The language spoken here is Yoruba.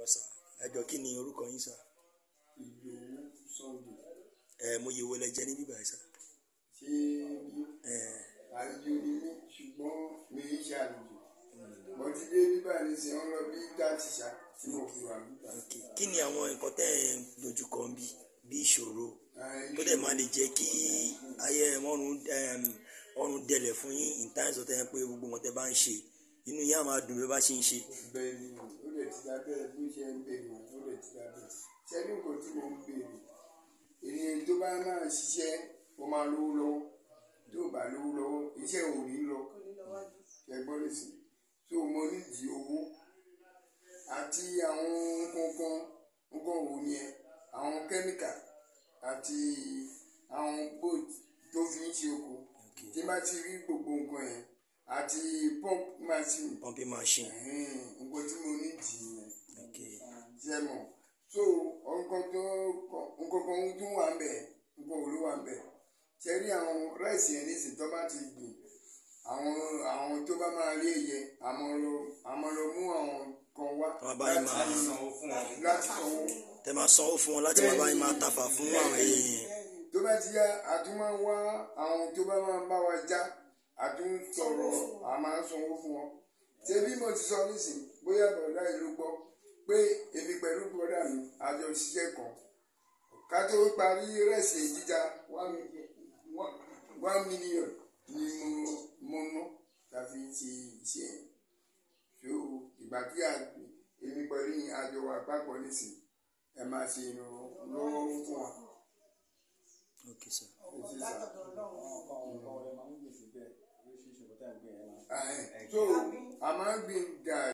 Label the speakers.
Speaker 1: bọ̀ sà ẹjọ́ kí ni orúkọ yín sà. ìyòwú sunday.
Speaker 2: ẹ mo yẹ wo lẹ jẹ ní bíbá yìí sà. ṣé bí àjò ni mí ṣùgbọ́n mi ì ṣe àlejò mo ti dé bíbá ní ṣe ń lọ bí dáàtì ṣá tí mo fi wà bíbá. kí ni àwọn nǹkan tẹ́ ẹ̀ ń dojúkọ ń bí bí ìṣòro
Speaker 1: tó dẹ̀ máa lè jẹ́ kí ayé ọrùn ọrùn dẹlẹ̀ fún yín in times of time pé gbogbo wọn tẹ́ bá ń ṣe inú yín á máa dùn bí wọ́n bá ṣe ń ṣe
Speaker 2: ti dábẹ́ bí ṣe ń béèrè wọn tó lè ti dábẹ́ ṣẹ́ni nǹkan tí mo ń béèrè èrè tó bá máa ṣiṣẹ́ ó máa lówó lọ́wọ́ tó bá lówó lọ́wọ́ iṣẹ́ ò ní lọ ẹ gbọ́ lè sí tó mo nídìí owó àti àwọn nǹkan nǹkan wò ni ẹ àwọn kẹ́míkà àti àwọn boat tó fi ń ṣe oko tí bá ti rí gbogbo nǹkan yẹn àti pump machine. pumping machine. nǹkan tí mo ní mọ̀ so nǹkan tó nǹkan kan tó wà ń bẹ̀ nǹkan ò ló wà ń bẹ̀ ṣe rí àwọn ráìsì yẹn nísìnyí tó bá ti gbìn àwọn àwọn tó bá máa rí ẹyẹ àmọ́ lọ àmọ́ lọ mú àwọn kan wá láti
Speaker 1: sanwó fún wọn láti sanwó. tẹ máa sanwó fún wọn láti máa bá yín máa tàfà fún àwọn èèyàn yẹn.
Speaker 2: tó bá ti yá àtúmọ̀ wá àwọn tó bá máa bá wa já àtún sọ̀rọ̀ àmọ́ sanwó fún wọn. ṣé bí mo ti sọ nísìnyí bóyá bọ̀dá ìlú gbọ́ pé èmi pẹ̀lú bọ́dà mi àjọ òṣìṣẹ́ kan ká tó parí rẹ̀sì jíjà one million ni mo ná tàbí ti ṣe so ìgbà tí èmi pẹ̀lú àjọ wà papọ̀ nísìnyí ẹ máa ṣe irun lọ́wọ́ fún wa. Okay, sir. So, a máa ń gbin